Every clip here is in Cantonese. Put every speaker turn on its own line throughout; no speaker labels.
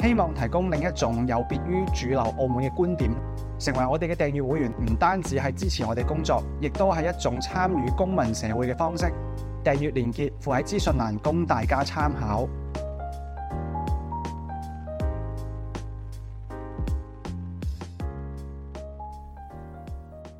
希望提供另一種有別於主流澳門嘅觀點，成為我哋嘅訂閱會員，唔單止係支持我哋工作，亦都係一種參與公民社會嘅方式。訂閱連結附喺資訊欄，供大家參考。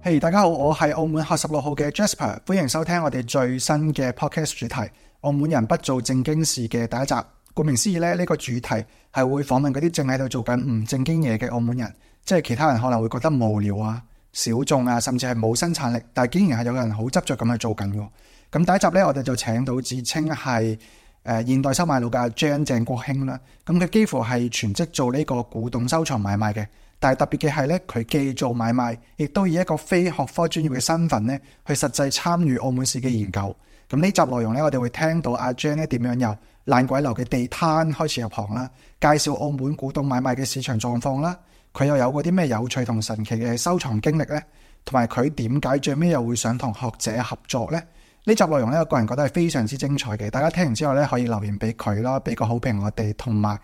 嘿，大家好，我係澳門學十六號嘅 Jasper，歡迎收聽我哋最新嘅 Podcast 主題《澳門人不做正經事》嘅第一集。顧名思義咧，呢個主題係會訪問嗰啲正喺度做緊唔正經嘢嘅澳門人，即係其他人可能會覺得無聊啊、小眾啊，甚至係冇生產力，但係竟然係有個人好執着咁去做緊喎。咁第一集呢，我哋就請到自稱係誒現代收賣佬嘅阿 Jan 鄭國興啦。咁佢幾乎係全職做呢個古董收藏買賣嘅，但係特別嘅係呢，佢既做買賣，亦都以一個非學科專業嘅身份呢去實際參與澳門史嘅研究。咁呢集內容呢，我哋會聽到阿 Jan 呢點樣有。爛鬼樓嘅地攤開始入行啦，介紹澳門古董買賣嘅市場狀況啦，佢又有過啲咩有趣同神奇嘅收藏經歷呢？同埋佢點解最尾又會想同學者合作呢？呢集內容咧，我個人覺得係非常之精彩嘅。大家聽完之後咧，可以留言俾佢啦，俾個好評我哋，同埋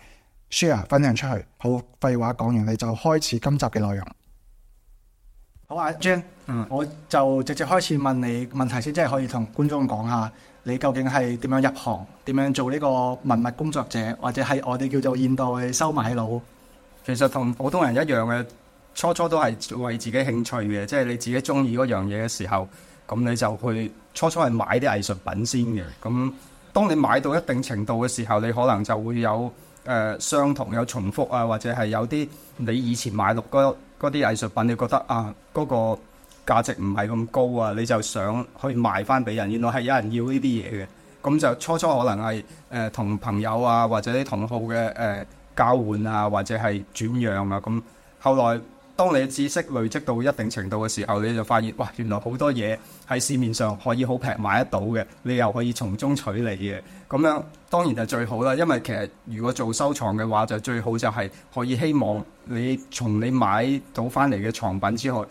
share 分享出去。好，廢話講完，你就開始今集嘅內容。好啊，Jan，嗯，我就直接開始問你問題先，即係可以同觀眾講下。你究竟係點樣入行？點樣做呢個文物工作者，或者係我哋叫做現代收買佬？其實同普通人一樣嘅，初初都係為自己興趣嘅，即係你自己中意嗰樣嘢嘅時候，咁你就去初初係買啲藝術品先嘅。咁當你買到一定程度嘅時候，你可能就會有誒相同、有重複啊，或者係有啲你以前買落嗰啲藝術品，你覺得啊，嗰個。價值唔係咁高啊，你就想去賣翻俾人。原來係有人要呢啲嘢嘅，咁就初初可能係同、呃、朋友啊，或者啲同好嘅、呃、交換啊，或者係轉讓啊。咁後來，當你知識累積到一定程度嘅時候，你就發現哇，原來好多嘢喺市面上可以好平買得到嘅，你又可以從中取利嘅。咁樣當然就最好啦，因為其實如果做收藏嘅話，就最好就係可以希望你從你買到翻嚟嘅藏品之後。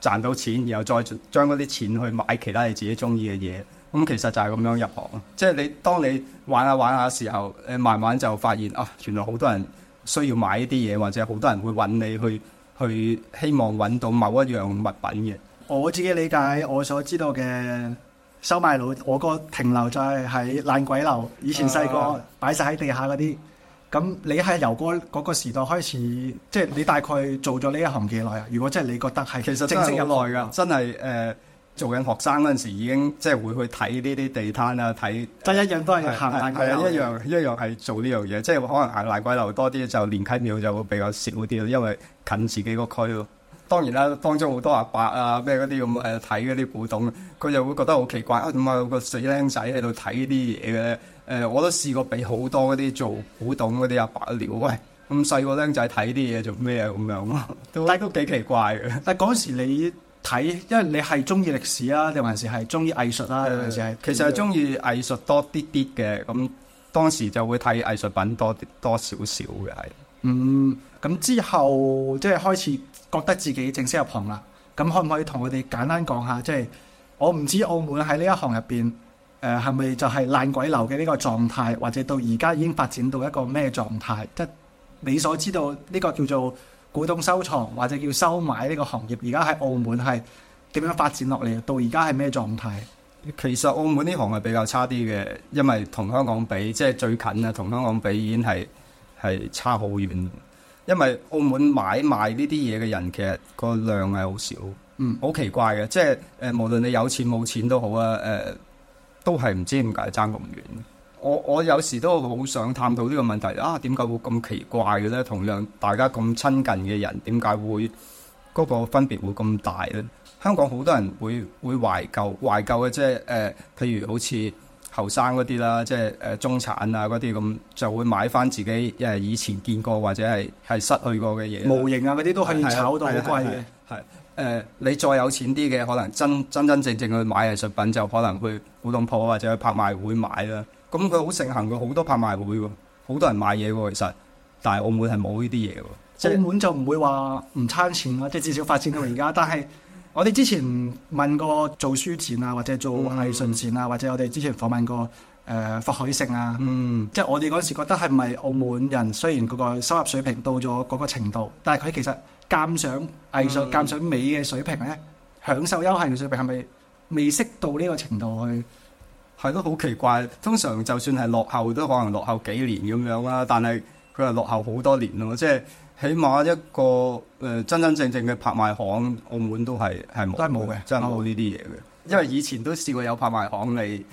賺到錢，然後再將嗰啲錢去買其他你自己中意嘅嘢。咁其實就係咁樣入行。即係你當你玩下玩下時候，誒慢慢就發現啊，原來好多人需要買一啲嘢，或者好多人會揾你去去希望揾到某一樣物品嘅。我自己理解我所知道嘅收賣佬，我個停留就係喺爛鬼樓。以前細個擺晒喺地下嗰啲。咁你係由嗰嗰個時代開始，即係你大概做咗呢一行幾耐啊？如果即係你覺得係，其實正正入內㗎，真係誒做緊學生嗰陣時已經即係會去睇呢啲地攤啊，睇真一樣都係行大。係啊，一樣一樣係做呢樣嘢，即係可能行爛鬼樓多啲，就蓮溪廟就會比較少啲，因為近自己個區咯。當然啦，當中好多阿伯啊，咩嗰啲咁誒睇嗰啲古董，佢就會覺得好奇怪啊！點解個死僆仔喺度睇呢啲嘢嘅？誒、呃，我都試過俾好多嗰啲做古董嗰啲阿伯撩，喂，咁細個僆仔睇啲嘢做咩啊？咁樣咯，但係都幾奇怪嘅。 但嗰時你睇，因為你係中意歷史啊，定還是係中意藝術啊？定、呃、還是，是喜歡，其實係中意藝術多啲啲嘅。咁當時就會睇藝術品多多少少嘅。係。嗯，咁之後即係開始覺得自己正式入行啦。咁可唔可以同我哋簡單講下？即、就、係、是、我唔知澳門喺呢一行入邊。誒係咪就係爛鬼樓嘅呢個狀態，或者到而家已經發展到一個咩狀態？即、就是、你所知道呢個叫做古董收藏或者叫收買呢個行業，而家喺澳門係點樣發展落嚟？到而家係咩狀態？其實澳門呢行係比較差啲嘅，因為同香港比，即係最近啊，同香港比已經係係差好遠。因為澳門買賣呢啲嘢嘅人，其實個量係好少。嗯，好奇怪嘅，即係誒、呃，無論你有錢冇錢都好啊，誒、呃。都係唔知點解爭咁遠。我我有時都好想探討呢個問題啊，點解會咁奇怪嘅咧？同樣大家咁親近嘅人，點解會嗰個分別會咁大咧？香港好多人會會懷舊，懷舊嘅即係誒，譬如好似後生嗰啲啦，即係誒中產啊嗰啲咁，就會買翻自己誒以前見過或者係係失去過嘅嘢。模型啊嗰啲都係炒到好貴嘅。係。呃、你再有錢啲嘅，可能真真真正正去買藝術品，就可能去古董鋪或者去拍賣會買啦。咁佢好盛行嘅好多拍賣會喎，好多人買嘢喎。其實，但係澳門係冇呢啲嘢喎。澳門就唔會話唔差錢啦，即係至少發展到而家。 但係我哋之前問過做書展啊，或者做藝術展啊，或者我哋之前訪問過。嗯誒霍海城啊，嗯，即係我哋嗰時覺得係咪澳門人雖然嗰個收入水平到咗嗰個程度，但係佢其實鑑賞藝術、嗯、鑑賞美嘅水平咧，享受休閒嘅水平係咪未識到呢個程度去？係都好奇怪。通常就算係落後都可能落後幾年咁樣啦，但係佢係落後好多年咯。即係起碼一個誒真真正正嘅拍賣行，澳門都係係冇，都係冇嘅，真係冇呢啲嘢嘅。因為以前都試過有拍賣行嚟。你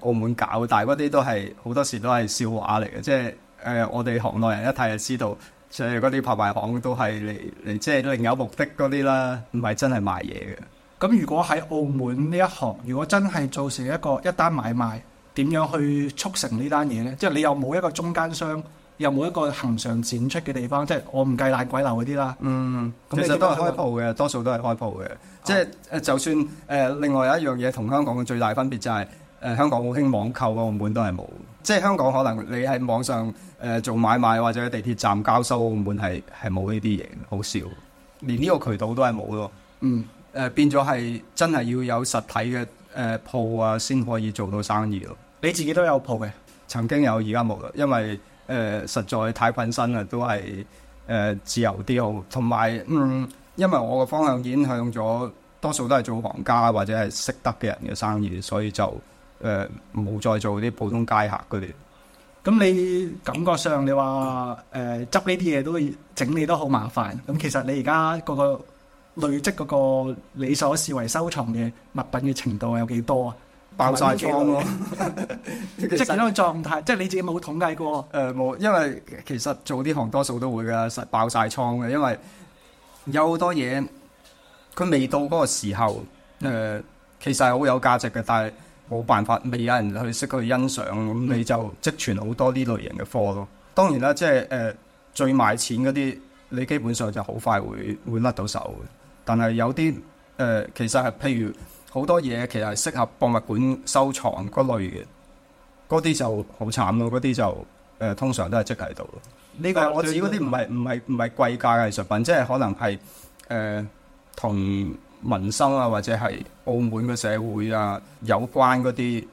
澳門搞大，大嗰啲都係好多時都係笑話嚟嘅，即係、呃、我哋行內人一睇就知道，即係嗰啲拍賣行都係嚟即係另有目的嗰啲啦，唔係真係賣嘢嘅。咁如果喺澳門呢一行，如果真係做成一個一單買賣，點樣去促成呢單嘢呢？即係你又冇一個中間商，又冇一個行上展出嘅地方，即係我唔計爛鬼樓嗰啲啦。嗯，其實都係開鋪嘅，多數都係開鋪嘅、哦。即係就算、呃、另外有一樣嘢同香港嘅最大分別就係、是。誒、呃、香港好興網購，個澳門都係冇，即係香港可能你喺網上誒、呃、做買賣或者地鐵站交收，澳門係係冇呢啲嘢，好少、嗯，連呢個渠道都係冇咯。嗯，誒、呃、變咗係真係要有實體嘅誒鋪啊，先、呃、可以做到生意咯。你自己都有鋪嘅，曾經有，而家冇啦，因為誒、呃、實在太困身啦，都係誒、呃、自由啲好，同埋嗯，因為我個方向影響咗多數都係做行家或者係識得嘅人嘅生意，所以就。誒、呃，冇再做啲普通街客嗰啲。咁你感覺上你話誒執呢啲嘢都會整理得好麻煩。咁其實你而家嗰個累積嗰個你所視為收藏嘅物品嘅程度有幾多了了啊？爆晒倉咯， 即係咁樣嘅狀態。即係你自己冇統計過誒，冇、呃。因為其實做呢行多數都會噶，實爆晒倉嘅。因為有好多嘢佢未到嗰個時候，誒、呃，其實係好有價值嘅，但係。冇辦法，未有人去識去欣賞，咁你就積存好多呢類型嘅貨咯。當然啦，即係誒、呃、最賣錢嗰啲，你基本上就好快會會甩到手。但係有啲誒、呃，其實係譬如好多嘢，其實係適合博物館收藏嗰類嘅，嗰啲就好慘咯。嗰啲就誒、呃、通常都係積喺度咯。呢、呢個我指嗰啲唔係唔係唔係貴價嘅藝術品，即係可能係誒同，呃民生啊，或者係澳門嘅社會啊，有關嗰啲，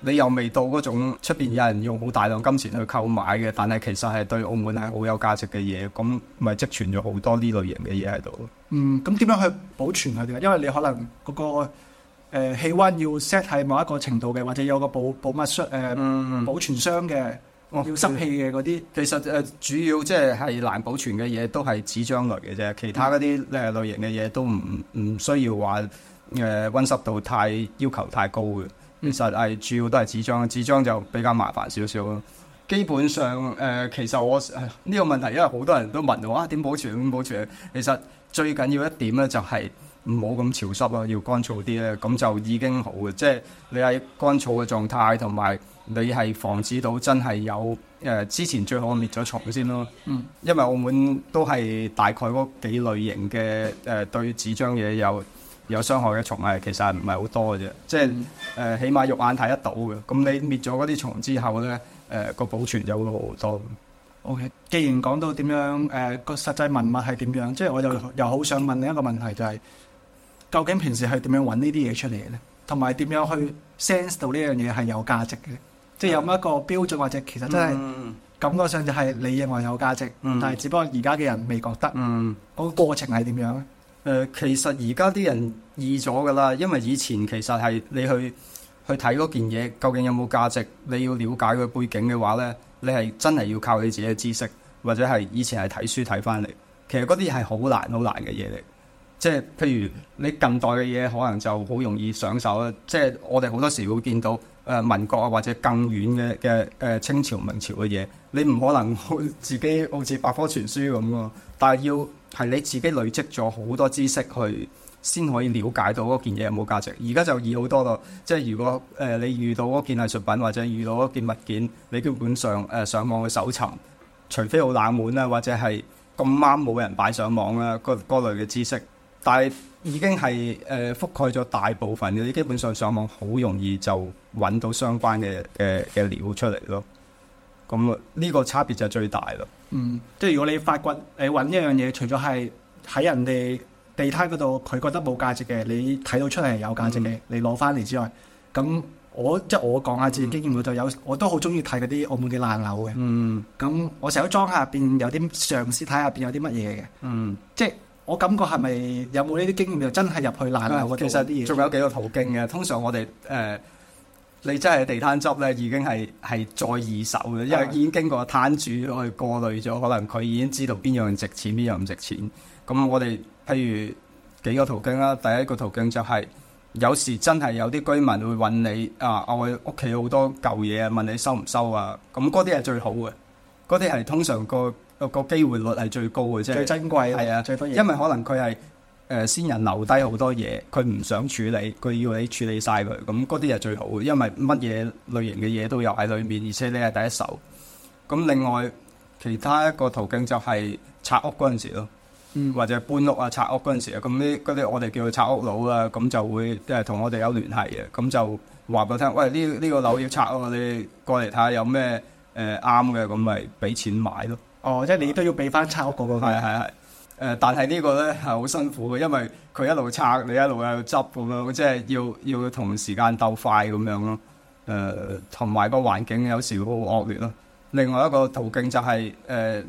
你又未到嗰種出邊有人用好大量的金錢去購買嘅，但係其實係對澳門係好有價值嘅嘢，咁咪積存咗好多呢類型嘅嘢喺度咯。嗯，咁點樣去保存佢哋啊，因為你可能、嗰個誒氣溫要 set 喺某一個程度嘅，或者有個保保密箱嗯、呃，保存箱嘅。嗯要、哦、濕氣嘅嗰啲，其實誒、呃、主要即係係難保存嘅嘢都係紙張類嘅啫，其他嗰啲誒類型嘅嘢都唔唔需要話誒温濕度太要求太高嘅，其實係主要都係紙張，紙張就比較麻煩少少咯。基本上誒、呃，其實我呢、呢個問題因為好多人都問我啊，點保存點保存？其實最緊要一點咧就係唔好咁潮濕咯，要乾燥啲咧，咁就已經好嘅。即係你喺乾燥嘅狀態同埋。你係防止到真係有誒、呃，之前最好滅咗蟲先咯。嗯。因為澳門都係大概嗰幾類型嘅誒、呃，對紙張嘢有有傷害嘅蟲咪，其實係唔係好多嘅啫？即係誒、呃，起碼肉眼睇得到嘅。咁你滅咗嗰啲蟲之後咧，誒、呃、個保存就會好好多。O、okay, K，既然講到點樣誒、呃、個實際文物係點樣，即係我又又好想問另一個問題，就是，就係究竟平時係點樣揾呢啲嘢出嚟咧？同埋點樣去 sense 到呢樣嘢係有價值嘅？即係有咁一個標準或者其實真係感覺上就係你認為有價值，嗯、但係只不過而家嘅人未覺得。嗰個過程係點樣咧？誒、嗯呃，其實而家啲人易咗㗎啦，因為以前其實係你去去睇嗰件嘢究竟有冇價值，你要了解佢背景嘅話呢，你係真係要靠你自己嘅知識，或者係以前係睇書睇翻嚟。其實嗰啲係好難好難嘅嘢嚟。即係譬如你近代嘅嘢，可能就好容易上手啦。即係我哋好多時會見到誒、呃、民國啊，或者更遠嘅嘅誒清朝、明朝嘅嘢，你唔可能好自己好似百科全書咁啊。但係要係你自己累積咗好多知識去，先可以了解到嗰件嘢有冇價值。而家就易好多咯。即係如果誒你遇到嗰件藝術品或者遇到嗰件物件，你基本上誒、呃、上網去搜尋，除非好冷門啦，或者係咁啱冇人擺上網啦，個嗰類嘅知識。但係已經係誒、呃、覆蓋咗大部分嘅，你基本上上網好容易就揾到相關嘅嘅嘅料出嚟咯。咁啊，呢個差別就係最大咯。嗯，即係如果你發掘誒揾、呃、一樣嘢，除咗係喺人哋地攤嗰度，佢覺得冇價值嘅，你睇到出嚟係有價值嘅、嗯，你攞翻嚟之外，咁我即係我講下自己經驗，我就有我都好中意睇嗰啲澳門嘅爛樓嘅。嗯，咁我成日都裝下入邊有啲上司睇下邊有啲乜嘢嘅。嗯，即係。我感覺係咪有冇呢啲經驗？就真係入去難啊！其實啲嘢仲有幾個途徑嘅。通常我哋誒、呃，你真係地攤執咧，已經係係再二手嘅，因為已經經過攤主去過濾咗。可能佢已經知道邊樣值錢，邊樣唔值錢。咁我哋譬如幾個途徑啦，第一個途徑就係、係、有時真係有啲居民會揾你啊，我屋企好多舊嘢啊，問你收唔收啊。咁嗰啲係最好嘅，嗰啲係通常個個個機會率係最高嘅，啫、即係，最珍貴係啊，最多嘢，因為可能佢係誒先人留低好多嘢，佢唔想處理，佢要你處理晒佢咁，嗰啲係最好嘅，因為乜嘢類型嘅嘢都有喺裏面，而且你係第一手。咁另外其他一個途徑就係拆屋嗰陣時咯、嗯，或者搬屋啊、拆屋嗰陣時啊，咁啲啲我哋叫做拆屋佬啊，咁就會即係同我哋有聯繫嘅，咁就話俾我聽，喂，呢呢、呢個樓要拆喎，你過嚟睇下有咩誒啱嘅，咁咪俾錢買咯。哦，即係你都要俾翻拆屋嗰個。係係係，誒，但係呢個咧係好辛苦嘅，因為佢一路拆，你一路喺度執咁樣，即係要要同時間鬥快咁樣咯。誒，同埋個環境有時會好惡劣咯。另外一個途徑就係誒，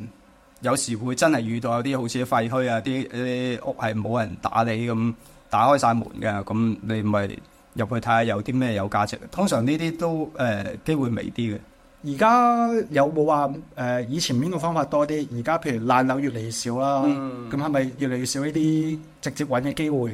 有時會真係遇到有啲好似廢墟啊，啲啲屋係冇人打理咁，打開晒門嘅，咁你咪入去睇下有啲咩有價值。通常呢啲都誒機會微啲嘅。而家有冇話誒，以前邊個方法多啲？而家譬如爛樓越嚟越少啦，咁係咪越嚟越少呢啲直接搵嘅機會？誒、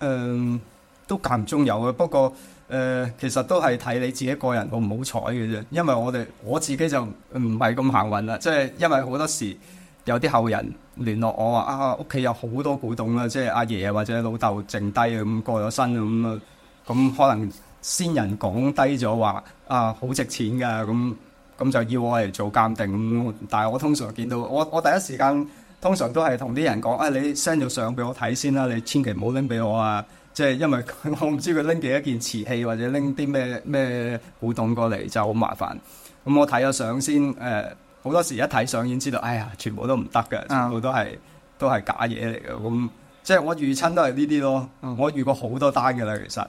嗯，都間唔中有嘅。不過誒、呃，其實都係睇你自己個人好唔好彩嘅啫。因為我哋我自己就唔係咁幸運啦。即、就、係、是、因為好多時有啲後人聯絡我話啊，屋企有好多古董啦。即係阿爺啊或者老豆剩低咁過咗身咁咯，咁可能。先人講低咗話啊，好值錢噶，咁咁就要我嚟做鑑定。但係我通常見到，我我第一時間通常都係同啲人講啊，你 send 咗相俾我睇先啦，你千祈唔好拎俾我啊。即係因為我唔知佢拎幾多件瓷器或者拎啲咩咩古董過嚟就好麻煩。咁我睇咗相先，誒好多時一睇相已經知道，哎呀，全部都唔得嘅，全部都係、嗯、都係假嘢嚟嘅。咁即係我預親都係呢啲咯，我預過好多單嘅啦，其實。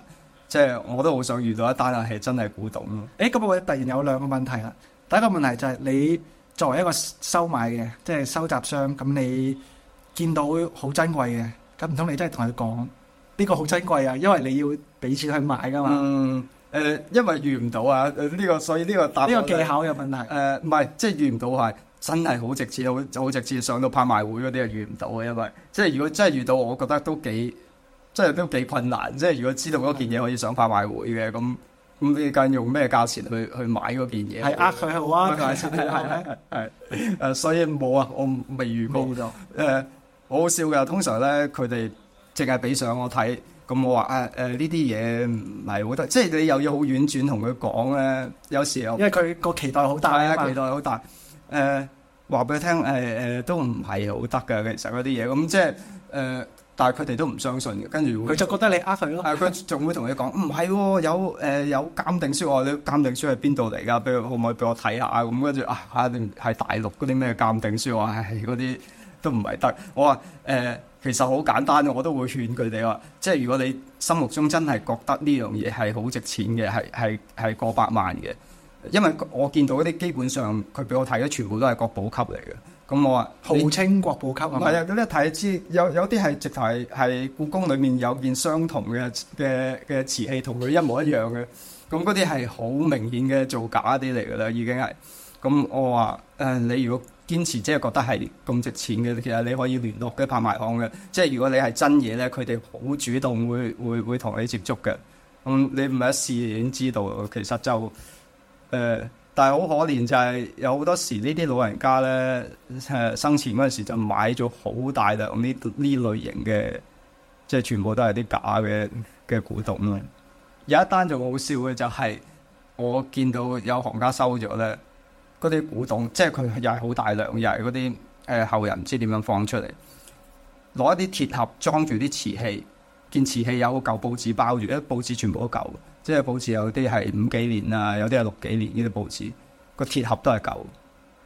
即係我都好想遇到一單係真係古董咯。誒、欸，咁我突然有兩個問題啦。第一個問題就係你作為一個收買嘅，即係收集商，咁你見到好珍貴嘅，咁唔通你真係同佢講呢個好珍貴啊？因為你要俾錢去買㗎嘛。嗯。誒、呃，因為遇唔到啊。呢、呃、個所以呢個答呢、呢個技巧有問題。誒、呃，唔係，即係遇唔到係真係好值錢，好好值錢，上到拍賣會嗰啲又遇唔到啊。因為，因為即係如果真係遇到，我覺得都幾。即係都幾困難，即係如果知道嗰件嘢我要上拍賣會嘅，咁咁你介意用咩價錢去去買嗰件嘢？係呃佢好啊，係係係係，誒，所以冇啊，我未預告到。誒，好、呃、好笑嘅，通常咧佢哋淨係俾相我睇，咁我話誒誒呢啲嘢唔係好得，即係你又要好婉轉同佢講咧，有時候因為佢個期待好大啊,啊，期待好大。誒、呃，話俾佢聽，誒誒都唔係好得嘅，其實嗰啲嘢，咁即係誒。呃但係佢哋都唔相信嘅，跟住佢就覺得你呃佢咯。係佢仲會同你講唔係，有誒、呃、有鑑定書啊！你鑑定書喺邊度嚟㗎？俾可唔可以俾我睇下咁？跟住啊，喺大陸嗰啲咩鑑定書啊，係嗰啲都唔係得。我話誒、呃，其實好簡單，我都會勸佢哋話，即係如果你心目中真係覺得呢樣嘢係好值錢嘅，係係係過百萬嘅，因為我見到啲基本上佢俾我睇嘅全部都係國寶級嚟嘅。咁我話，號稱國寶級啊，唔係啊，嗰啲一睇知，有有啲係直頭係係故宮裏面有件相同嘅嘅嘅瓷器同佢一模一樣嘅，咁嗰啲係好明顯嘅造假啲嚟㗎啦，已經係。咁我話，誒、呃、你如果堅持即係、就是、覺得係咁值錢嘅，其實你可以聯絡嘅拍賣行嘅，即係如果你係真嘢咧，佢哋好主動會會會同你接觸嘅。咁、嗯、你唔係一試已經知道，其實就誒。呃但係好可憐就係有好多時呢啲老人家咧，誒、呃、生前嗰陣時就買咗好大量呢呢類型嘅，即係全部都係啲假嘅嘅古董啦。有一單就好笑嘅就係我見到有行家收咗咧，嗰啲古董即係佢又係好大量，又係嗰啲誒後人唔知點樣放出嚟，攞一啲鐵盒裝住啲瓷器。件瓷器有個舊報紙包住，啲報紙全部都舊，即係報紙有啲係五幾年啊，有啲係六幾年呢啲報紙。個鐵盒都係舊，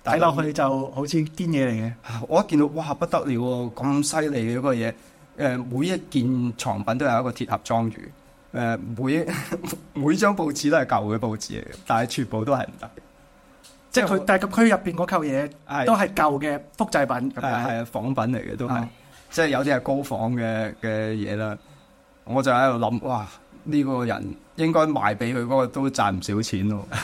睇落去就好似堅嘢嚟嘅。我一見到哇，不得了，咁犀利嘅一個嘢。誒，每一件藏品都有一個鐵盒裝住。誒，每每張報紙都係舊嘅報紙嚟嘅，但係全部都係唔得。即係佢，大係佢入邊嗰嚿嘢都係舊嘅複製品，係係仿品嚟嘅，都係、嗯、即係有啲係高仿嘅嘅嘢啦。我就喺度諗，哇！呢、呢個人應該賣俾佢嗰個都賺唔少錢咯。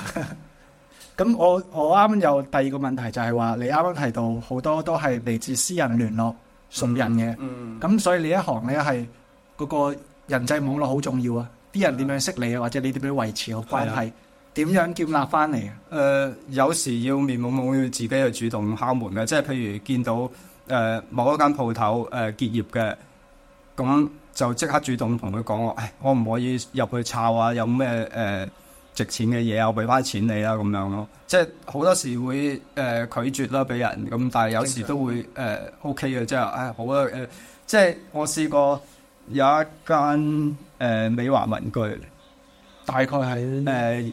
咁我我啱有第二個問題就係話，你啱啱提到好多都係嚟自私人聯絡熟人嘅。咁、嗯嗯、所以呢一行咧係嗰個人際網絡好重要啊！啲、嗯、人點樣識你啊、嗯？或者你點樣維持嘅關係，點樣建立翻嚟啊？誒、呃，有時要面懵懵要自己去主動敲門嘅，即係譬如見到誒、呃、某一間鋪頭誒結業嘅咁。就即刻主動同佢講我，誒可唔可以入去摷啊？有咩誒、呃、值錢嘅嘢啊？我俾翻錢你啦，咁樣咯。即係好多時會誒、呃、拒絕啦，俾人咁。但係有時都會誒 O K 嘅，即係誒好啊誒。即係我試過有一間誒、呃、美華文具，大概係誒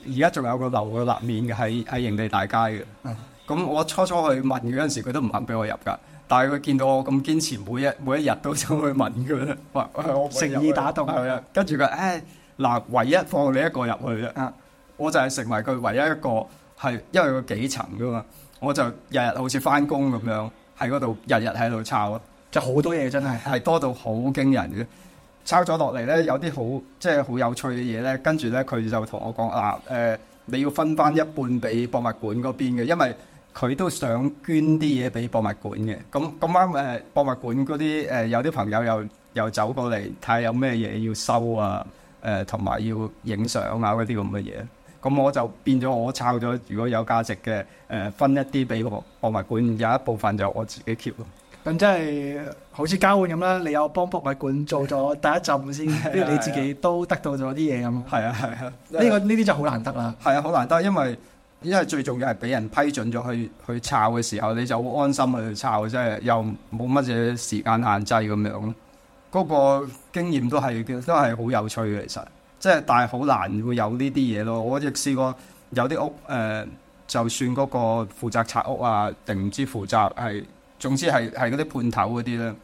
而家仲有個樓嘅立面嘅，喺喺營地大街嘅。咁、嗯、我初初去問嗰陣時，佢都唔肯俾我入噶。但係佢見到我咁堅持，每一每一日都想去問佢咧，話我 説 誠意打動佢啊，跟住佢誒嗱，唯一放你一個入去啦， 我就係成為佢唯一一個係，因為佢幾層噶嘛，我就日日好似翻工咁樣喺嗰度，日日喺度抄啊，就好多嘢真係係多到好驚人嘅。抄咗落嚟咧，有啲好即係好有趣嘅嘢咧，他跟住咧佢就同我講嗱誒，你要分翻一半俾博物館嗰邊嘅，因為。佢都想捐啲嘢俾博物館嘅，咁咁啱誒博物館嗰啲誒有啲朋友又又走過嚟睇下有咩嘢要收啊，誒同埋要影相啊嗰啲咁嘅嘢，咁我就變咗我抄咗，如果有價值嘅誒、呃、分一啲俾個博物館，有一部分就我自己 keep 咯。咁、嗯、即係好似交換咁啦，你有幫博物館做咗第一浸先、 啊啊，你自己都得到咗啲嘢咁。係啊係啊，呢、啊啊呢個呢啲、呢個、就好難得啦。係啊，好難得，因為。因為最重要係俾人批准咗去去炒嘅時候，你就好安心去炒，即係又冇乜嘢時間限制咁樣咯。嗰、嗰個經驗都係都係好有趣嘅，其實即係但係好難會有呢啲嘢咯。我亦試過有啲屋，誒、呃，就算嗰個負責拆屋啊，定唔知負責係，總之係係嗰啲判頭嗰啲咧，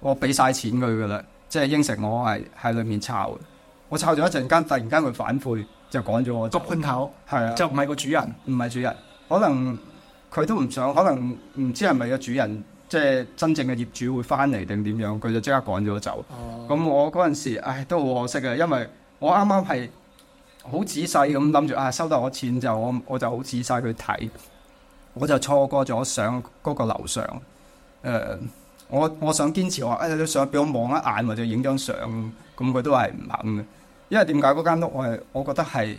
我俾晒錢佢噶啦，即係應承我係喺裏面炒，我炒咗一陣間，突然間會反悔。就趕咗我，捉判頭係啊，就唔係個主人，唔係主人，可能佢都唔想，可能唔知係咪個主人，即係真正嘅業主會翻嚟定點樣，佢就即刻趕咗我走。哦，咁我嗰陣時，唉，都好可惜嘅，因為我啱啱係好仔細咁諗住，啊，收到我錢就我我就好仔細去睇，我就錯過咗上嗰個樓上。誒，我我想堅持話，誒，都想俾我望一眼或者影張相，咁佢都係唔肯嘅。因為點解嗰間屋，我係我覺得係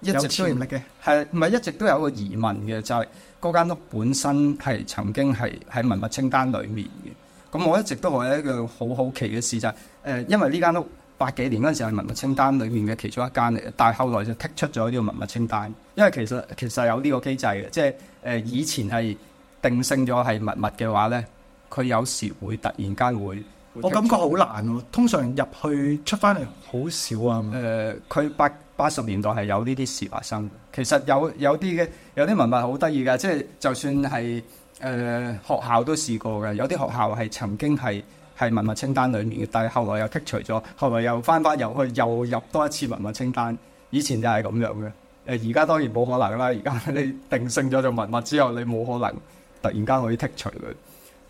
有吸引力嘅，係唔係一直都有個疑問嘅，就係嗰間屋本身係曾經係喺文物清單裏面嘅。咁我一直都係一樣好好奇嘅事就係，是，誒、呃，因為呢間屋八幾年嗰陣時係文物清單裏面嘅其中一間嚟，但係後來就剔出咗呢個文物清單。因為其實其實有呢個機制嘅，即係誒、呃、以前係定性咗係文物嘅話咧，佢有時會突然間會。我感覺好難喎、啊，通常入去出翻嚟好少啊。誒、呃，佢八八十年代係有呢啲事發生。其實有有啲嘅有啲文物好得意㗎，即係就算係誒、呃、學校都試過嘅，有啲學校係曾經係係文物清單裡面嘅，但係後來又剔除咗，後來又翻返入去，又入多一次文物清單。以前就係咁樣嘅。誒、呃，而家當然冇可能啦。而家你定性咗做文物之後，你冇可能突然間可以剔除佢。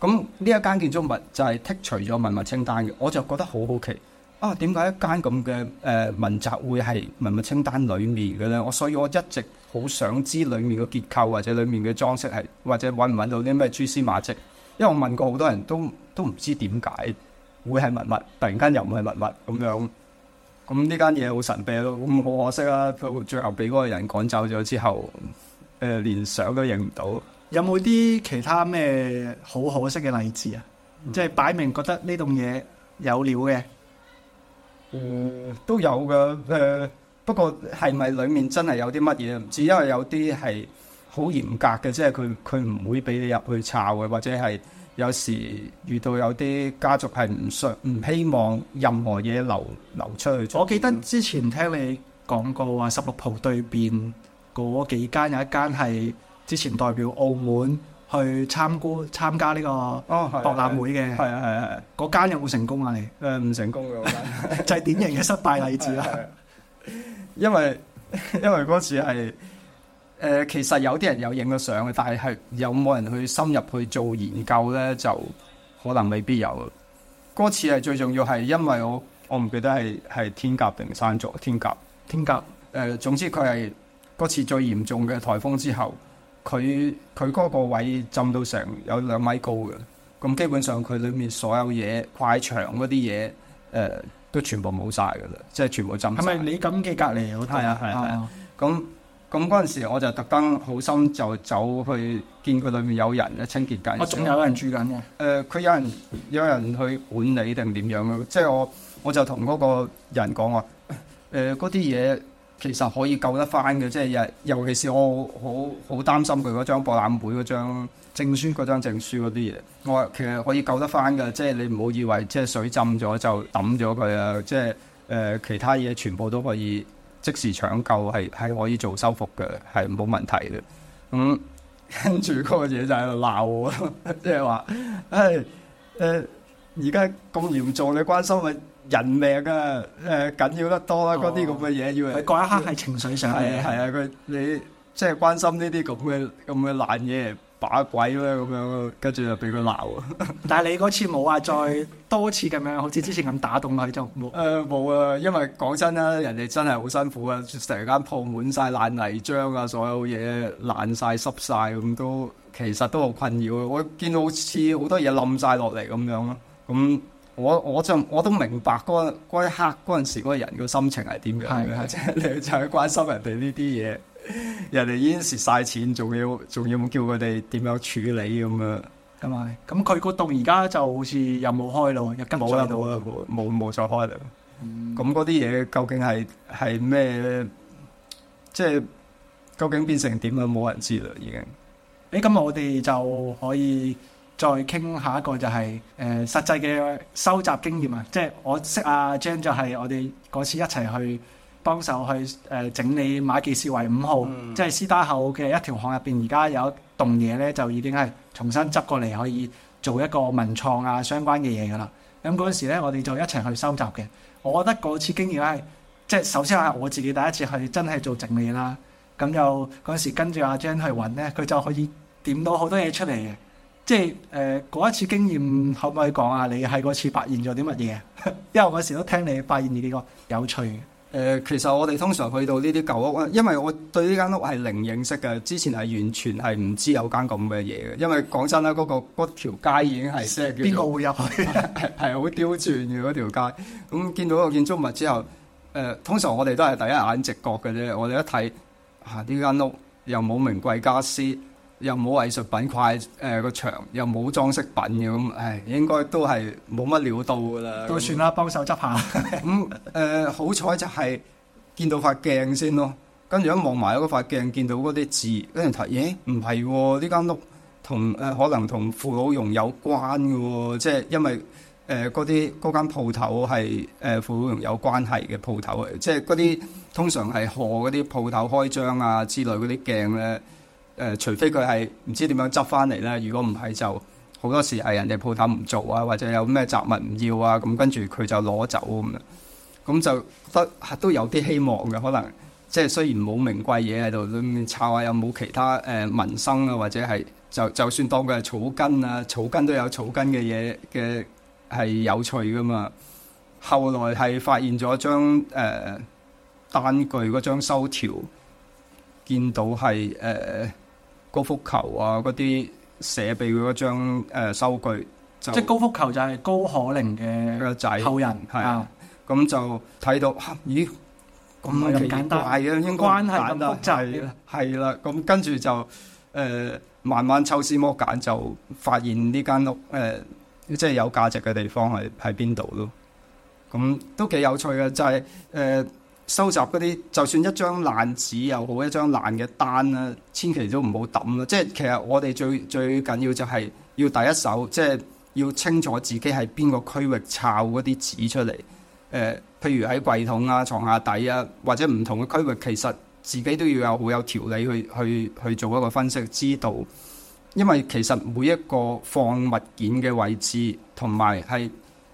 咁呢一間建築物就係剔除咗文物清單嘅，我就覺得好好奇啊！點解一間咁嘅誒民宅會係文物清單裏面嘅咧？我所以我一直好想知裏面嘅結構或者裏面嘅裝飾係，或者揾唔揾到啲咩蛛絲馬跡？因為我問過好多人都都唔知點解會係文物，突然間又唔係文物咁樣。咁呢間嘢好神秘咯，咁好可惜啊！最後俾嗰個人趕走咗之後，誒、呃、連相都影唔到。有冇啲其他咩好可惜嘅例子啊？即係擺明覺得呢棟嘢有料嘅，嗯，都有噶。誒、呃，不過係咪裏面真係有啲乜嘢唔知？因為有啲係好嚴格嘅，即係佢佢唔會俾你入去抄嘅，或者係有時遇到有啲家族係唔想唔希望任何嘢流流出去。我記得之前聽你講過話，十六浦對邊嗰幾間有一間係。之前代表澳門去參觀參加呢個博覽會嘅係啊係啊係嗰間，有冇成功啊你？你？誒唔成功嘅， 就係典型嘅失敗例子啦。因為因為嗰次係誒、呃，其實有啲人有影到相嘅，但係有冇人去深入去做研究咧，就可能未必有。嗰次係最重要係，因為我我唔記得係係天鴿定山竹？天鴿，天鴿，誒、呃，總之佢係嗰次最嚴重嘅颱風之後。佢佢嗰個位浸到成有兩米高嘅，咁基本上佢裏面所有嘢、塊牆嗰啲嘢，誒、呃、都全部冇晒㗎喇，即係全部浸晒。係咪你咁嘅隔離我睇下，係啊，咁咁嗰陣時我就特登好心就走去見佢裏面有人咧清潔緊。我仲有人住緊嘅。誒、呃，佢有人有人去管理定點樣嘅？即係我我就同嗰個人講我誒嗰啲嘢。呃其實可以救得翻嘅，即係尤尤其是我好好擔心佢嗰張博覽會嗰張證書嗰張證書嗰啲嘢，我其實可以救得翻嘅，即係你唔好以為即係水浸咗就抌咗佢啊！即係誒、呃，其他嘢全部都可以即時搶救，係係可以做修復嘅，係冇問題嘅。咁跟住嗰個嘢就喺度鬧我，即係話誒誒，而家咁嚴重你關心咪？人命啊，誒、呃、緊要得多啦！嗰啲咁嘅嘢，要佢嗰一刻係情緒上係啊，係啊，佢你即係關心呢啲咁嘅咁嘅爛嘢把鬼咧咁樣，跟住就俾佢鬧啊！但係你嗰次冇話再多次咁樣， 好似之前咁打動佢 就冇誒冇啊！因為講真啦，人哋真係好辛苦啊，成間鋪滿晒爛泥漿啊，所有嘢爛晒、濕晒，咁都其實都好困擾啊！我見到好似好多嘢冧晒落嚟咁樣咯，咁。我我就我都明白嗰一刻嗰陣時嗰個人嘅心情係點嘅，即係 你就係關心人哋呢啲嘢， 人哋已經蝕晒錢，仲要仲要叫佢哋點樣處理咁樣。咁咪咁佢個洞而家就好似又冇開咯，又跟冇啦冇冇再開啦。咁嗰啲嘢究竟係係咩？即係、就係、究竟變成點啊？冇人知啦，已經。誒、欸，咁我哋就可以。再傾下一個就係、是、誒、呃、實際嘅收集經驗啊，即係我識阿 Jan 就係我哋嗰次一齊去幫手去誒、呃、整理馬忌士圍五號，嗯、即係司打口嘅一條巷入邊。而家有一棟嘢咧，就已經係重新執過嚟，可以做一個文創啊相關嘅嘢噶啦。咁嗰陣時咧，我哋就一齊去收集嘅。我覺得嗰次經驗咧，即係首先係我自己第一次去真係做整理啦。咁就嗰陣時候跟住阿 Jan 去揾咧，佢就可以點到好多嘢出嚟嘅。即係誒嗰一次經驗，可唔可以講啊？你喺嗰次發現咗啲乜嘢？ 因為我嗰時都聽你發現你呢個有趣嘅、呃。其實我哋通常去到呢啲舊屋，因為我對呢間屋係零認識嘅，之前係完全係唔知有間咁嘅嘢嘅。因為講真啦，嗰、嗰個嗰條街已經係邊個會入去？係 好 刁鑽嘅嗰條街。咁見到個建築物之後，呃、通常我哋都係第一眼直覺嘅啫。我哋一睇呢、啊、呢間屋又冇名貴家私。又冇藝術品塊，塊誒個牆又冇裝飾品嘅咁，誒應該都係冇乜料到噶啦。都算啦，幫手執下、 嗯。咁好彩就係見到塊鏡先咯，跟住一望埋嗰塊鏡，見到嗰啲字，跟住睇咦？唔係呢間屋同可能同傅、呃、老榕有關嘅喎，即係因為誒嗰啲嗰間鋪頭係傅老榕有關係嘅鋪頭，即係嗰啲通常係賀嗰啲鋪頭開張啊之類嗰啲鏡咧。誒、呃，除非佢係唔知點樣執翻嚟啦。如果唔係，就好多時係人哋鋪頭唔做啊，或者有咩雜物唔要啊，咁跟住佢就攞走咁、啊、啦。咁就得都有啲希望嘅，可能即係雖然冇名貴嘢喺度，抄下有冇其他誒、呃、民生啊，或者係就就算當佢係草根啊，草根都有草根嘅嘢嘅係有趣噶嘛。後來係發現咗張誒、呃、單據嗰張收條，見到係誒。呃高福球啊，嗰啲寫俾佢嗰張誒、呃、收據，就即係高福球就係高可寧嘅嘅仔後人，係啊，咁、啊、就睇到、啊，咦，
咁啊咁簡單，關係咁複雜，
係啦，咁、啊啊、跟住就誒、呃、慢慢抽絲剝繭，就發現呢間屋誒、呃、即係有價值嘅地方係喺邊度咯，咁都幾有趣嘅，就係、是、誒。呃收集嗰啲，就算一張爛紙又好，一張爛嘅單啊，千祈都唔好抌啦。即係其實我哋最最緊要就係要第一手，即係要清楚自己喺邊個區域摷嗰啲紙出嚟。誒、呃，譬如喺櫃桶啊、床下底啊，或者唔同嘅區域，其實自己都要很有好有條理去去去做一個分析，知道。因為其實每一個放物件嘅位置同埋係。還有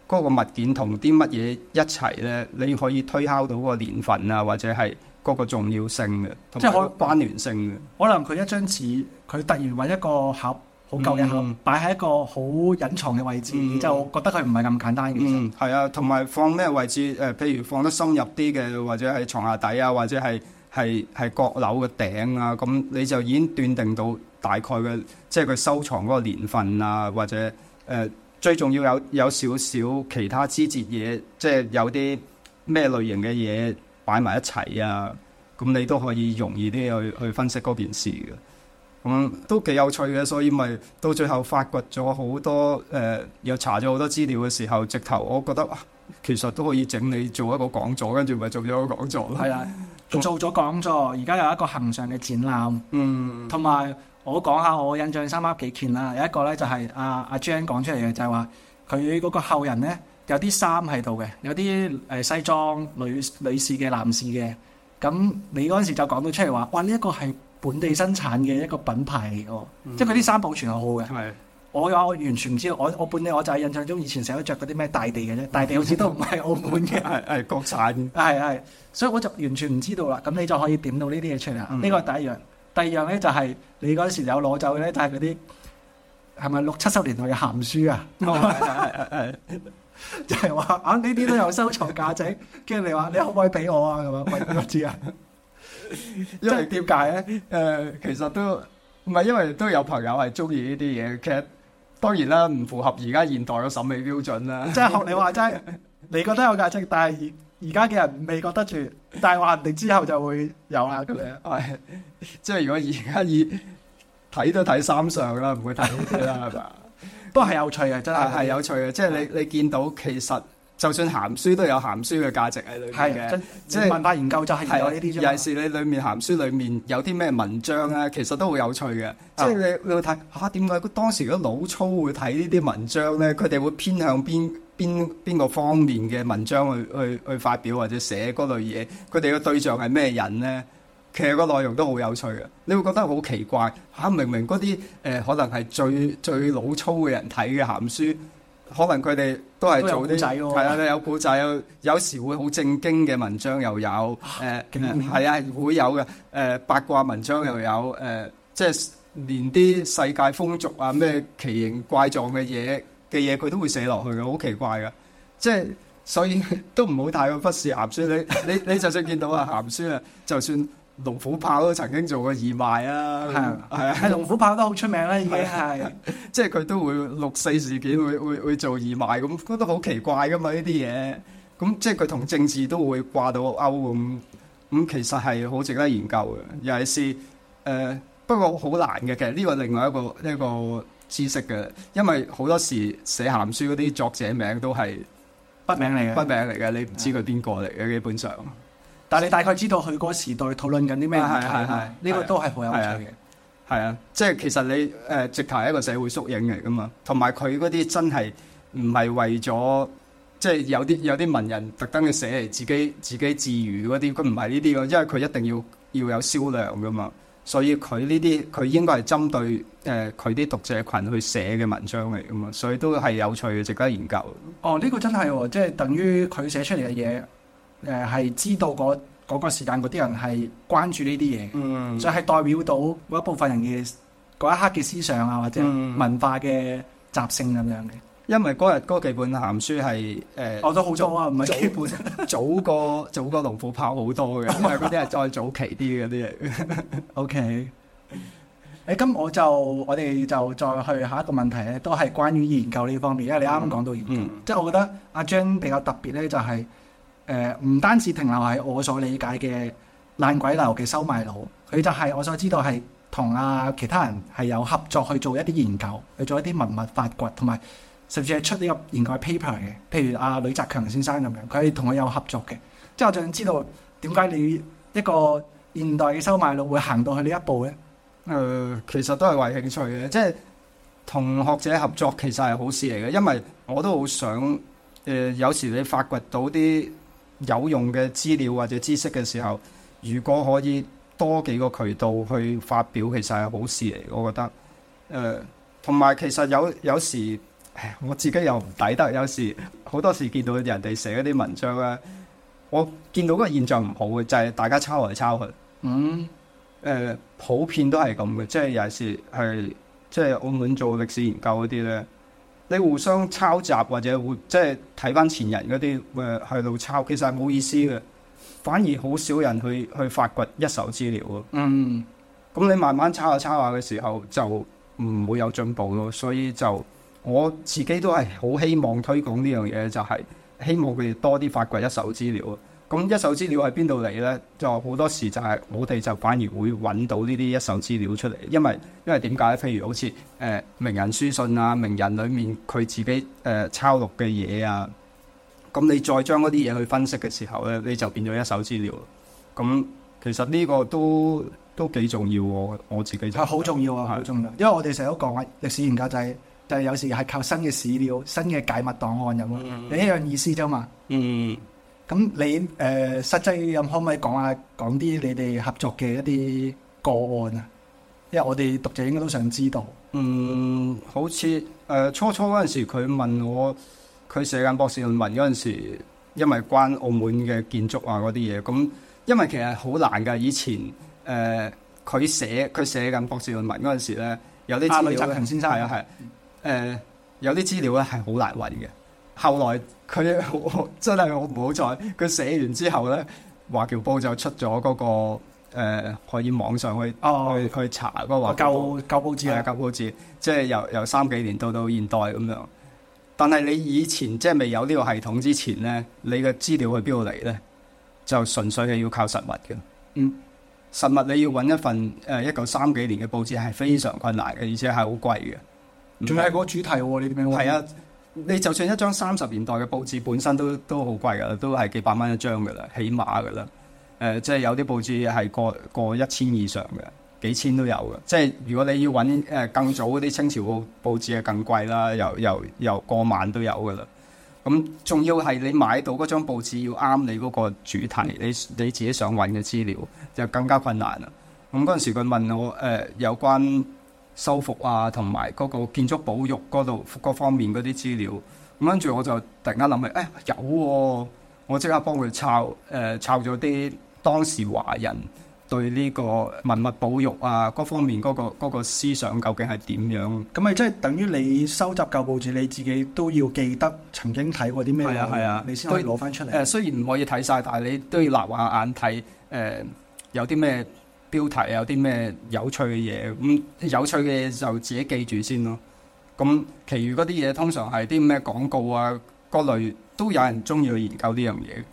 嗰、那個物件同啲乜嘢一齊呢？你可以推敲到嗰個年份啊，或者係嗰個重要性嘅，即係好關聯性嘅。可能佢一張紙，佢突然揾一個盒，好舊嘅盒，擺、嗯、喺一個好隱藏嘅位置，你、嗯、就覺得佢唔係咁簡單嘅。嗯，係啊，同埋放咩位置？誒、呃，譬如放得深入啲嘅，或者係床下底啊，或者係係係閣樓嘅頂啊，咁你就已經斷定到大概嘅，即係佢收藏嗰個年份啊，或者誒。呃最重要有有少少其他枝節嘢，即係有啲咩類型嘅嘢擺埋一齊啊，咁你都可以容易啲去去分析嗰件事嘅，咁、嗯、都幾有趣嘅，所以咪到最後發掘咗好多誒、呃，又查咗好多資料嘅時候，直頭我覺得、啊、其實都可以整理做一個講座，跟住咪做咗個講座。係啊，做咗講座，而家有一個恆常嘅展覽，嗯，同埋。我講下我印象衫包幾件啦，有一個咧就係阿、啊、阿、啊、Jan 講出嚟嘅，就係話佢嗰個後人咧有啲衫喺度嘅，有啲誒西裝女女士嘅、男士嘅。咁你嗰陣時就講到出嚟話，哇！呢、呢、一個係本地生產嘅一個品牌嚟、嗯，即係佢啲衫保存好好嘅。我話我完全唔知道，我我本地我就係印象中以前成日都着嗰啲咩大地嘅啫，大地好似都唔係澳門嘅，係 係國產，係係，所以我就完全唔知道啦。咁你就可以點到呢啲嘢出嚟，呢、嗯呢個係第一樣。第二樣咧就係你嗰時有攞走嘅咧，就係嗰啲係咪六七十年代嘅鹹書啊？哦、 就係話啊，呢啲都有收藏價值。跟 住你話，你可唔可以俾我啊？係咪？為邊知啊？ 因為點解咧？誒、呃，其實都唔係，因為都有朋友係中意呢啲嘢。其實當然啦，唔符合而家現代嘅審美標準啦。即係學你話齋，你覺得有價值但係？而家嘅人未覺得住，但係話唔定之後就會有啦。咁樣即係如果而家以睇都睇三上啦，唔會睇呢啲啦，係嘛？不過係 有趣嘅，真係係有趣嘅。即係你你見到其實就算鹹書都有鹹書嘅價值喺裏邊嘅，即係文化研究就係有呢啲。有陣時你裡面鹹書裡面有啲咩文章咧、啊，其實都好有趣嘅。啊、即係你你會睇嚇點解佢當時如果老粗會睇呢啲文章咧？佢哋會偏向邊？邊邊個方面嘅文章去去去發表或者寫嗰類嘢，佢哋嘅對象係咩人呢？其實個內容都好有趣嘅，你會覺得好奇怪吓、啊，明明嗰啲誒可能係最最老粗嘅人睇嘅鹹書，可能佢哋都係做啲仔咯、啊，係啊，有古仔，有時會好正經嘅文章又有，誒係啊、呃、啊會有嘅，誒、呃、八卦文章又有，誒、呃、即係連啲世界風俗啊咩奇形怪狀嘅嘢。嘅嘢佢都會寫落去嘅，好奇怪嘅，即係所以都唔好太去忽視鹹酸，你你你就算見到啊，鹹酸啊，就算龍虎豹都曾經做過義賣啊，係係啊，龍虎豹都好出名啦已經係，係係係 即係佢都會六四事件會會會做義賣咁，咁都得好奇怪噶嘛呢啲嘢，咁即係佢同政治都會掛到個勾咁，咁其實係好值得研究嘅，尤其是誒、呃、不過好難嘅，其實呢個另外一個一、呢個。知識嘅，因為好多時寫鹹書嗰啲作者名字都係筆名嚟嘅，筆名嚟嘅，你唔知佢邊個嚟嘅基本上。但係你大概知道佢嗰時代討論緊啲咩嘢。係係呢個都係好有趣嘅。係啊，即係其實你誒、呃、直頭係一個社會縮影嚟噶嘛，同埋佢嗰啲真係唔係為咗，即係有啲有啲文人特登去寫嚟自己自己自娛嗰啲，佢唔係呢啲㗎，因為佢一定要要有銷量㗎嘛。所以佢呢啲佢應該係針對誒佢啲讀者群去寫嘅文章嚟㗎嘛，所以都係有趣嘅，值得研究。哦，呢、這個真係喎，即係等於佢寫出嚟嘅嘢，誒、呃、係知道嗰嗰個時間嗰啲人係關注呢啲嘢，所以係代表到某一部分人嘅嗰一刻嘅思想啊或者文化嘅習性咁樣嘅。嗯因為嗰日嗰幾本函書係誒、呃，我都好早啊，唔係幾本，早過 早過《農夫炮》好多嘅，因為嗰啲係再早期啲嘅啲嘢。 OK，誒、欸，咁我就我哋就再去下一個問題咧，都係關於研究呢方面，因為你啱啱講到研究，嗯嗯、即係我覺得阿 Jan 比較特別咧，就係誒唔單止停留喺我所理解嘅爛鬼樓嘅收賣佬，佢就係、是、我所知道係同阿其他人係有合作去做一啲研究，去做一啲文物發掘同埋。甚至係出呢個研究 paper 嘅，譬如阿呂澤強先生咁樣，佢係同我有合作嘅。即係我想知道點解你一個現代嘅收賣佬會行到去呢一步咧？誒、呃，其實都係為興趣嘅，即係同學者合作其實係好事嚟嘅，因為我都好想誒、呃。有時你發掘到啲有用嘅資料或者知識嘅時候，如果可以多幾個渠道去發表，其實係好事嚟，我覺得誒。同、呃、埋其實有有時。我自己又唔抵得，有時好多時見到人哋寫啲文章咧，我見到嗰個現象唔好嘅就係、是、大家抄嚟抄去。嗯，誒、呃，普遍都係咁嘅，即係有時係即係澳門做歷史研究嗰啲咧，你互相抄襲或者會即係睇翻前人嗰啲誒喺度抄，其實係冇意思嘅，反而好少人去去發掘一手資料啊。嗯，咁你慢慢抄下抄下嘅時候就唔會有進步咯，所以就。我自己都係好希望推廣呢樣嘢，就係、是、希望佢哋多啲發掘一手資料。咁一手資料喺邊度嚟呢？就好多時就係我哋就反而會揾到呢啲一手資料出嚟。因為因為點解？譬如好似誒、呃、名人書信啊，名人裡面佢自己誒、呃、抄錄嘅嘢啊，咁你再將嗰啲嘢去分析嘅時候呢，你就變咗一手資料。咁其實呢個都都幾重、嗯、重要。我我自己係好重要啊，好重要。因為我哋成日都講啊，歷史研究就係、是。但、就、係、是、有時係靠新嘅史料、新嘅解密檔案入咯，你、嗯、一樣意思啫嘛。嗯，咁你誒、呃、實際咁，可唔可以講下講啲你哋合作嘅一啲個案啊？因為我哋讀者應該都想知道。嗯，好似誒、呃、初初嗰陣時，佢問我佢寫緊博士論文嗰陣時，因為關澳門嘅建築啊嗰啲嘢，咁因為其實好難㗎。以前誒佢、呃、寫佢寫緊博士論文嗰陣時咧，有啲資料李澤、啊、勤先生係啊係。誒、呃，有啲資料咧係好難揾嘅後來佢真係好唔好彩，佢寫完之後咧，華僑報就出咗，嗰、那個誒、呃，可以網上去、哦、去去查嗰個華僑報舊舊報紙啊，舊報紙，即係由由三幾年到到現代咁樣。但係你以前即係未有呢個系統之前咧，你嘅資料去邊度嚟咧就純粹係要靠實物嘅。嗯，實物你要搵一份誒一九三幾年嘅報紙係非常困難嘅，、嗯，而且係好貴嘅。
仲係嗰個主題
喎、哦？你點睇？係啊，你就算一張三十年代嘅報紙，本身都都好貴噶啦，都係幾百蚊一張噶啦，起碼噶啦。誒、呃，即係有啲報紙係過過一千以上嘅，幾千都有嘅。即係如果你要揾、呃、更早啲清朝報報紙，係更貴啦，又又又過萬都有噶啦。咁、嗯、仲要係你買到嗰張報紙要啱你嗰個主題，嗯、你你自己想揾嘅資料就更加困難啦。咁嗰陣時佢問我誒、呃、有關，修復啊，同埋嗰個建築保育嗰度各方面嗰啲資料，咁跟住我就突然間諗起，哎有喎、啊，我即刻幫佢抄，誒抄咗啲當時華人對呢個文物保育啊各方面嗰、嗰個嗰個思想究竟係點樣？咁咪即係等於你收集舊報紙，你自己都要記得曾經睇過啲咩？係啊係啊，你先可以攞翻出嚟。誒、呃、雖然唔可以睇晒，但係你都要立下眼睇，誒、呃、有啲咩？標題有啲咩有趣嘅嘢？咁、嗯、有趣嘅嘢就自己記住先咯。咁，其餘嗰啲嘢通常係啲咩廣告啊，各類都有人中意去研究呢樣嘢。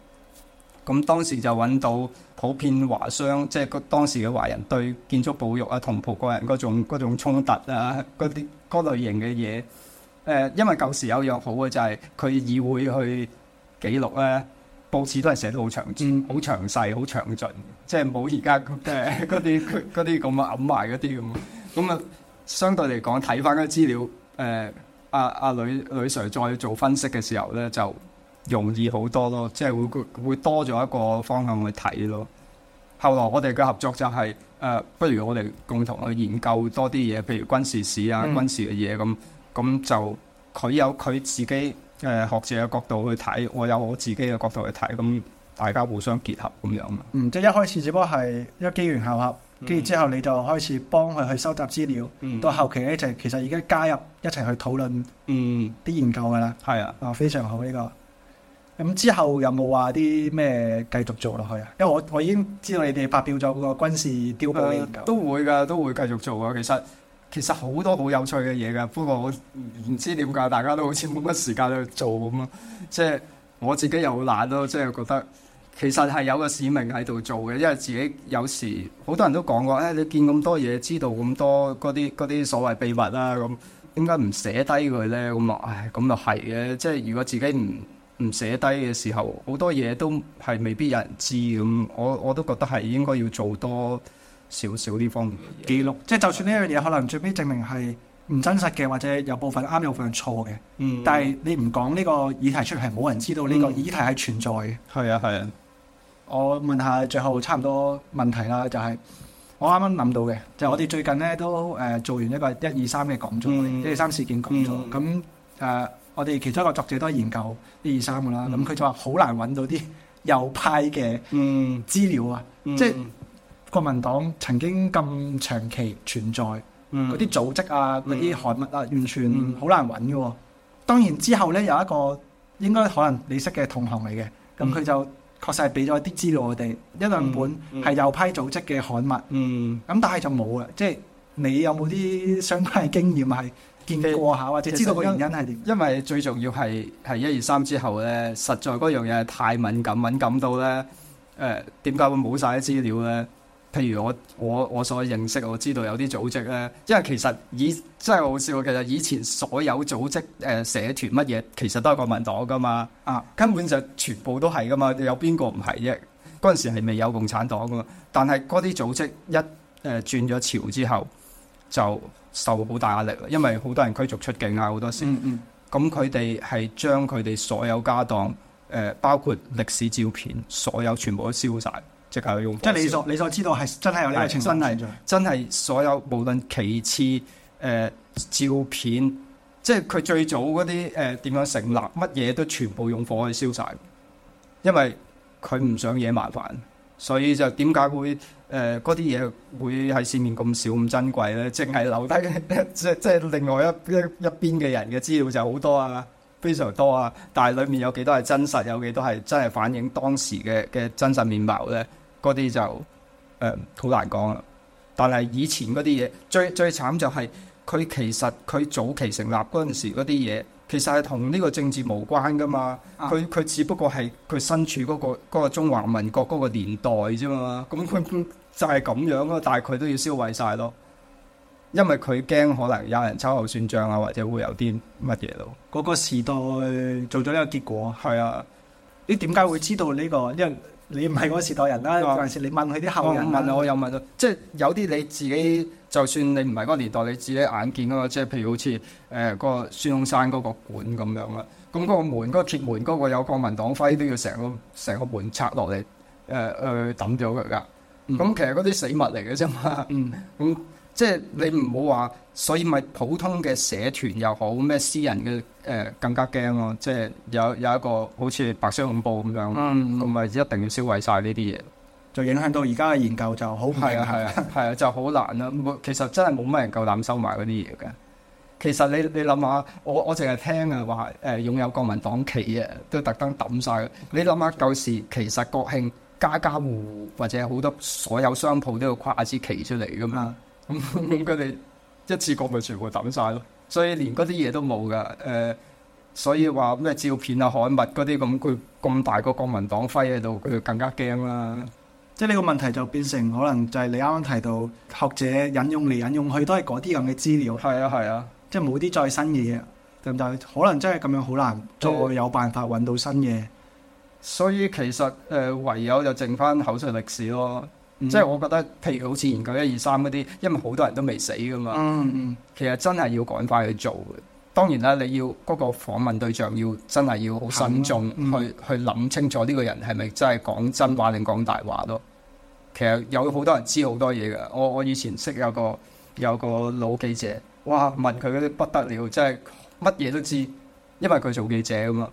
咁當時就揾到普遍華商，即、就、係、是、當時嘅華人對建築保育啊，同葡國人嗰種嗰種衝突啊，嗰啲嗰類型嘅嘢。誒、呃，因為舊時有約好嘅就係佢議會去記錄咧、啊。報紙都係寫得好長，好詳細，好、嗯、詳，詳盡，即係冇而家嗰啲嗰啲咁啊揞埋嗰啲咁。咁啊， 相對嚟講睇翻啲資料，誒阿阿呂呂、呂 Sir 再做分析嘅時候咧，就容易好多咯，即係會會多咗一個方向去睇咯。後來我哋嘅合作就係、是、誒、呃，不如我哋共同去研究多啲嘢，譬如軍事史啊、軍事嘅嘢咁，咁、嗯、就佢有佢自己。誒，學者嘅角度去睇，我有我自己嘅角度去睇，咁大家互相結合咁樣啊。嗯，即係一開始只不過係一機緣巧合，跟、嗯、住之後你就開始幫佢去收集資料、嗯，到後期咧就其實已經加入一齊去討論，啲研究噶啦。係、嗯、啊，啊非常好呢、這個。咁之後有冇話啲咩繼續做落去啊？因為我我已經知道你哋發表咗個軍事碉堡嘅研究，都會噶，都會繼續做啊。其實。其實好多好有趣嘅嘢㗎，不過我唔知點解大家都好似冇乜時間去做咁咯。即係我自己又好懶咯，即係覺得其實係有個使命喺度做嘅，因為自己有時好多人都講過，誒、哎、你見咁多嘢，知道咁多嗰啲啲所謂秘密啦，咁點解唔寫低佢咧？咁啊，唉，咁又係嘅。即係如果自己唔唔寫低嘅時候，好多嘢都係未必有人知咁。我我都覺得係應該要做多少少呢方面記錄，即係就算呢樣嘢可能最尾證明係唔真實嘅，或者有部分啱，有部分錯嘅、嗯。但係你唔講呢個議題出嚟，係冇人知道呢個議題係存在嘅。係、嗯、啊，係啊。我問下最後差唔多問題啦，就係、是、我啱啱諗到嘅，就係、是、我哋最近呢都誒、呃、做完一個一二三嘅講座，一二三事件講座。咁、嗯、誒、呃，我哋其中一個作者都係研究一二三嘅啦，咁、嗯、佢就話好難揾到啲右派嘅嗯資料啊，即係。國民黨曾經咁長期存在，嗰、嗯、啲組織啊、嗰啲刊物啊，嗯、完全好難揾嘅、哦。當然之後呢，有一個應該可能你識嘅同行嚟嘅，咁、嗯、佢就確實係俾咗啲資料我哋一兩本，係右派組織嘅刊物。嗯，咁、嗯、但係就冇啦。即、就、係、是、你有冇啲相關嘅經驗係見過下，或者知道個原因係點？因為最重要係係一二三之後呢，實在嗰樣嘢太敏感，敏感到呢，誒、呃，點解會冇晒啲資料呢？譬如我我我所認識，我知道有啲組織咧，因為其實以真係好笑，其實以前所有組織誒社、呃、團乜嘢，其實都係國民黨噶嘛，啊，根本就全部都係噶嘛，有邊個唔係啫？嗰陣時係未有共產黨噶嘛，但係嗰啲組織一誒、呃、轉咗朝之後，就受好大壓力，因為好多人驅逐出境啊，好多事。嗯嗯，咁佢哋係將佢哋所有家當誒、呃，包括歷史照片，所有全部都燒晒。即係你所你所知道係真係有呢個情況，真係真係所有，無論其次誒、呃、照片，即係佢最早嗰啲誒點樣成立，乜嘢都全部用火去燒晒，因為佢唔想惹麻煩，所以就點解會誒嗰啲嘢會喺市面咁少咁珍貴咧？淨係留低即即係另外一一邊嘅人嘅資料就好多啊，非常多啊，但係裏面有幾多係真實，有幾多係真係反映當時嘅嘅真實面貌咧？嗰啲就誒好難講啦，但係以前嗰啲嘢最最慘就係佢其實佢早期成立嗰陣時嗰啲嘢，其實係同呢個政治無關噶嘛。佢、啊、佢只不過係佢身處嗰個嗰個中華民國嗰個年代啫嘛。咁佢就係咁樣咯， 但係佢都要銷毀晒咯，因為佢驚可能有人秋後算賬啊，或者會有啲乜嘢咯。嗰個時代做咗呢個結果，係啊，你點解會知道呢個？因為你唔係嗰時代人啦、啊，嗰陣時你問佢啲後人啦、啊。哦、我問我又問，即係有啲你自己，就算你唔係嗰年代，你自己眼見噶嘛。即係譬如好似誒、呃嗰個孫中山嗰個館咁樣啦，咁、那、嗰個門嗰、那個鐵門嗰個有國民黨徽都要成個成個門拆落嚟，誒誒抌咗佢噶。咁、呃嗯、其實嗰啲死物嚟嘅啫嘛。嗯。咁、嗯。嗯。即係你唔好話，所以咪普通嘅社團又好，咩私人嘅誒、呃、更加驚咯、啊。即係有有一個好似白色恐怖咁樣，同、嗯、埋一定要銷毀晒呢啲嘢，就影響到而家嘅研究就好係啊係啊係啊就好難啦、啊。其實真係冇乜人夠膽收埋嗰啲嘢嘅。其實你你諗下，我我淨係聽啊話誒擁有國民黨旗啊，都特登抌晒。你諗下舊時其實國慶家家戶戶或者好多所有商鋪都要掛支旗出嚟咁啦。嗯。咁咁佢哋一次過咪全部抌晒咯，所以連嗰啲嘢都冇噶，誒、呃，所以話咩照片啊、刊物嗰啲咁，佢咁大個國民黨徽喺度，佢就更加驚啦。即係呢個問題就變成，可能就係你啱啱提到學者引用嚟引用去都係嗰啲咁嘅資料。係啊，係啊，即係冇啲再新嘢，咁就可能真係咁樣好難再有辦法揾到新嘢。所以其實誒、呃，唯有就剩返口述歷史咯。嗯、即係我覺得，譬如好似研究一二三嗰啲，因為好多人都未死噶嘛。嗯嗯，其實真係要趕快去做。當然啦，你要嗰個訪問對象要真係要好慎重去、嗯嗯去，去去諗清楚呢個人係咪真係講真話定講大話咯。其實有好多人知好多嘢噶。我我以前識有個有個老記者，哇，問佢嗰啲不得了，真係乜嘢都知，因為佢做記者噶嘛。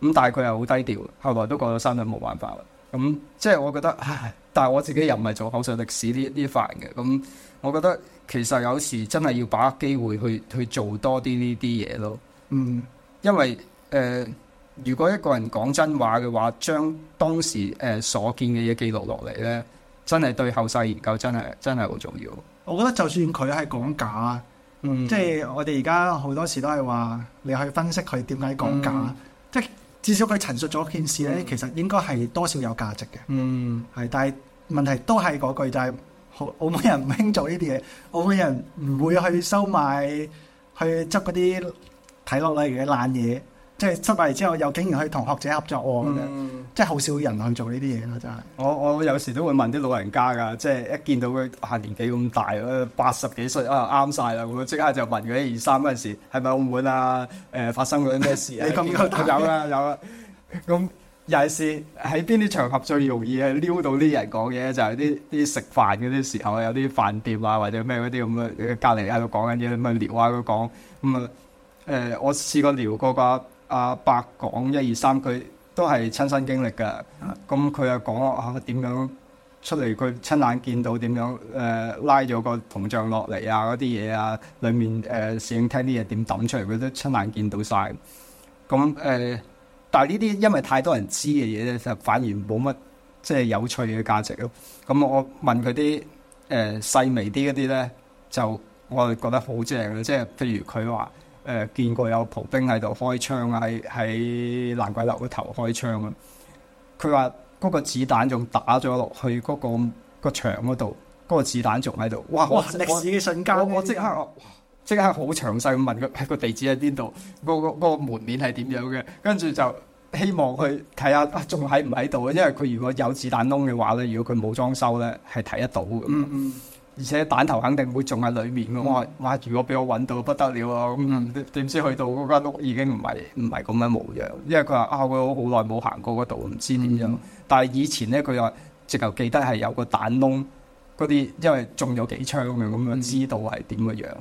咁但係佢又好低調，後來都過咗身都冇辦法啦。咁即係我覺得，唉。但係我自己又唔係做口述歷史呢呢塊嘅，咁我覺得其實有時真係要把握機會去去做多啲呢啲嘢咯。嗯，因為誒、呃，如果一個人講真話嘅話，將當時誒、呃、所見嘅嘢記錄落嚟咧，真係對後世研究真係真係好重要。我覺得就算佢係講假，嗯，即係我哋而家好多時都係話，你去分析佢點解講假，嗯、即係。至少佢陳述咗件事咧，其實應該係多少有價值嘅。嗯，係，但係問題都係嗰句，就係澳澳門人唔興做呢啲嘢，澳門人唔會去收買，去執嗰啲睇落嚟嘅爛嘢。即、就、係、是、出嚟之後，又竟然可以同學者合作喎咁樣，即係好少人去做呢啲嘢啦，真係。我我有時都會問啲老人家㗎，即係一見到佢嚇年紀咁大，八十幾歲啊啱曬啦，我即刻就問佢一二三嗰陣時，係咪澳門啊？誒、呃、發生過啲咩事啊？ 你咁樣 有啦、啊、有啦、啊，咁又係是喺邊啲場合最容易撩到啲人講嘢？就係啲啲食飯嗰啲時候，有啲飯店啊或者咩嗰啲咁嘅隔離喺度講緊嘢，咁啊撩下佢講咁啊誒，我試過撩過個。阿伯講一二三，佢都係親身經歷嘅。咁佢又講啊點樣出嚟，佢親眼見到點樣誒、呃、拉咗個銅像落嚟啊嗰啲嘢啊，裡面誒市政廳啲嘢點抌出嚟，佢都親眼見到晒。咁誒、呃，但係呢啲因為太多人知嘅嘢咧，就反而冇乜即係有趣嘅價值咯。咁我問佢啲誒細微啲嗰啲咧，就我哋覺得好正嘅，即係譬如佢話。誒、呃，見過有步兵喺度開槍啊，喺喺爛鬼樓嘅頭開槍啊。佢話嗰個子彈仲打咗落去嗰、嗰個、嗰個牆嗰度，嗰、嗰個子彈仲喺度。哇！哇哇歷史嘅瞬間我即刻，即刻好詳細咁問佢，嗰個地址喺邊度？嗰、嗰個嗰、嗰個、門面係點樣嘅、嗯？跟住就希望佢睇下仲喺唔喺度啊？因為佢如果有子彈窿嘅話咧，如果佢冇裝修咧，係睇得到嘅。嗯嗯。而且彈頭肯定會仲喺裡面嘅。嘛、嗯。話哇！如果俾我揾到不得了啊！咁、嗯、點知去到嗰間屋已經唔係唔係咁嘅模樣。因為佢話啊，我好耐冇行過嗰度，唔知點樣。嗯、但係以前咧，佢又直頭記得係有個彈窿，嗰啲因為中咗幾槍嘅，咁、嗯、樣、嗯、知道係點嘅樣,樣。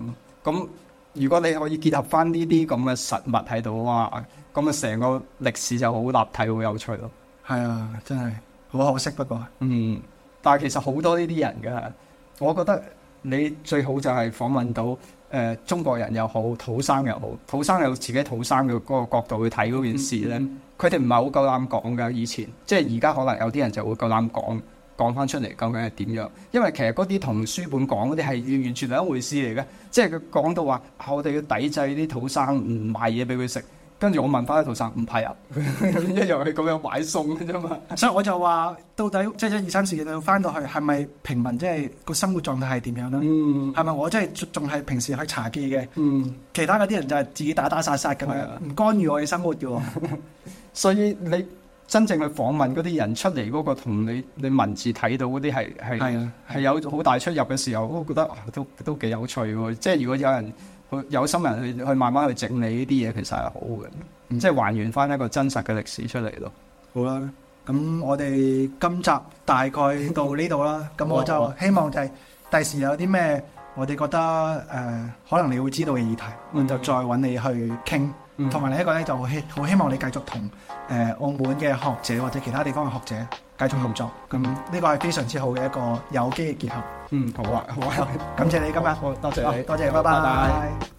咁、嗯、如果你可以結合翻呢啲咁嘅實物喺度哇！咁啊成個歷史就好立體，好有趣咯。係啊，真係好可惜，不過嗯，但係其實好多呢啲人嘅。我覺得你最好就係訪問到誒、呃、中國人又好，土生又好，土生有自己土生嘅嗰個角度去睇嗰件事咧。佢哋唔係好夠膽講嘅，以前即係而家可能有啲人就會夠膽講，講返出嚟究竟係點樣。因為其實嗰啲同書本講嗰啲係完完全係兩回事嚟嘅。即係佢講到話、啊，我哋要抵制啲土生，唔賣嘢俾佢食。跟住我問翻阿陶生，唔排入，一 樣係咁樣擺送啫嘛。所以我就話，到底即係一二三時間翻到去，係咪平民即係個生活狀態係點樣呢？係、嗯、咪我真係仲係平時去茶記嘅？嗯、其他嗰啲人就係自己打打殺殺嘅，唔、啊、干預我嘅生活嘅。 所以你真正去訪問嗰啲人出嚟嗰、嗰個，同你你文字睇到嗰啲係有好大出入嘅時候，我覺得、啊、都都幾有趣喎。即係如果有人，有心人去去慢慢去整理呢啲嘢，其實係好嘅，嗯，即係還原翻一個真實嘅歷史出嚟咯。好啦，咁我哋今集大概到呢度啦。咁 我就希望就係第時有啲咩，我哋覺得誒、呃，可能你會知道嘅議題，我、嗯、就再揾你去傾。同、嗯、埋你一個咧就希好希望你繼續同誒澳門嘅學者或者其他地方嘅學者繼續合作，咁、嗯、呢個係非常之好嘅一個有機嘅結合。嗯，好啊，好啊，感謝你今日，多謝你，多謝你，拜拜。拜拜。